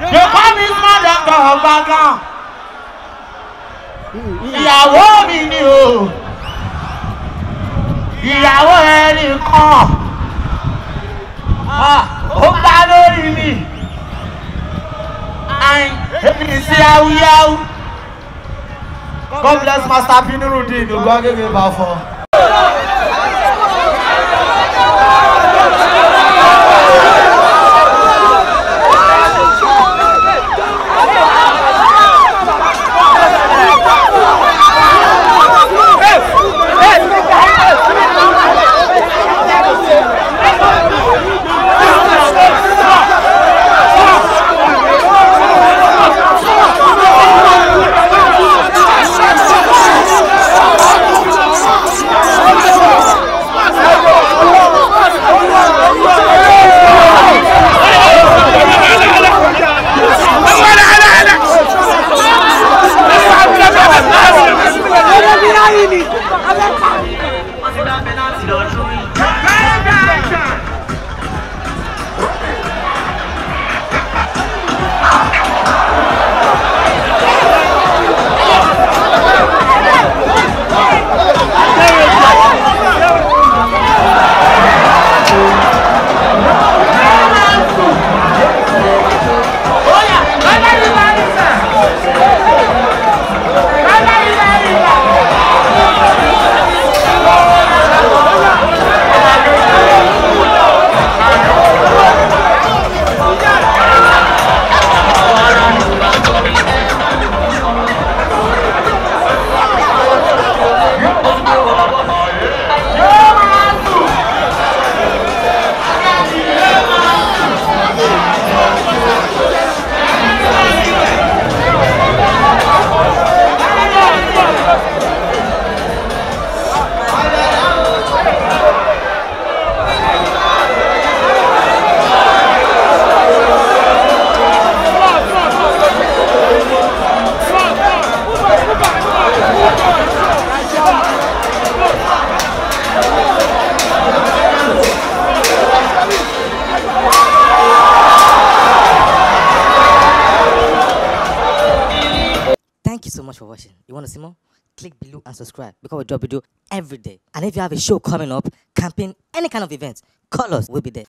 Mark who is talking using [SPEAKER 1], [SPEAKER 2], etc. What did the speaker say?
[SPEAKER 1] They call me mother God background. Ìyàwó mi ni o. Ìyàwó ẹni kan. Ah, ó bá lórí mi. Àìn èmi sí awúyáwú. God bless Master Pinurudin Ogun Agbègbè Bàfọ̀. much for watching. You want to see more? Click below and subscribe because we drop video every day. And if you have a show coming up, campaign, any kind of event, call us. We'll be there.